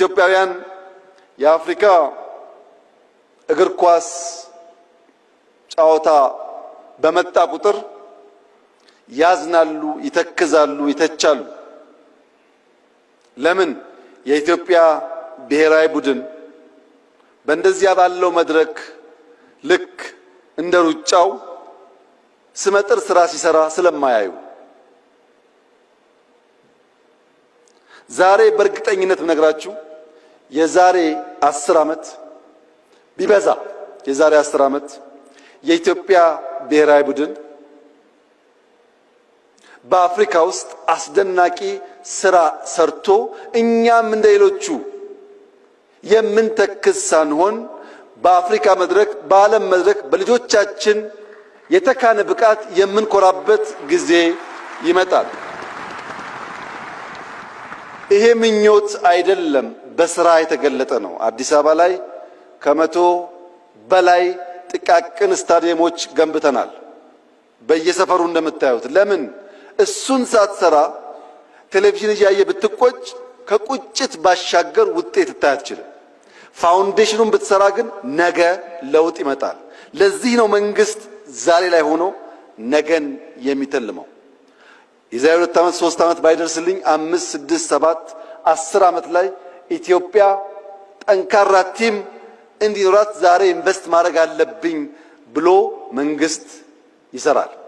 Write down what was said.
ኢትዮጵያውያን የአፍሪካ እግር ኳስ ጨዋታ በመጣ ቁጥር ያዝናሉ፣ ይተክዛሉ፣ ይተቻሉ። ለምን? የኢትዮጵያ ብሔራዊ ቡድን በእንደዚያ ባለው መድረክ ልክ እንደ ሩጫው ስመጥር ስራ ሲሰራ ስለማያዩ ዛሬ በእርግጠኝነት ነግራችሁ የዛሬ አስር ዓመት ቢበዛ የዛሬ አስር ዓመት የኢትዮጵያ ብሔራዊ ቡድን በአፍሪካ ውስጥ አስደናቂ ስራ ሰርቶ እኛም እንደ ሌሎቹ የምንተክስ ሳንሆን በአፍሪካ መድረክ በዓለም መድረክ በልጆቻችን የተካነ ብቃት የምንኮራበት ጊዜ ይመጣል። ይሄ ምኞት አይደለም፣ በስራ የተገለጠ ነው። አዲስ አበባ ላይ ከመቶ በላይ ጥቃቅን ስታዲየሞች ገንብተናል፣ በየሰፈሩ እንደምታዩት። ለምን እሱን ሳትሰራ ቴሌቪዥን እያየ ብትቆጭ ከቁጭት ባሻገር ውጤት ልታይ አትችልም። ፋውንዴሽኑን ብትሰራ ግን ነገ ለውጥ ይመጣል። ለዚህ ነው መንግስት ዛሬ ላይ ሆኖ ነገን የሚተልመው። የዛሬ ሁለት ዓመት ሶስት ዓመት ባይደርስልኝ አምስት ስድስት ሰባት አስር ዓመት ላይ ኢትዮጵያ ጠንካራ ቲም እንዲኖራት ዛሬ ኢንቨስት ማድረግ አለብኝ ብሎ መንግስት ይሰራል።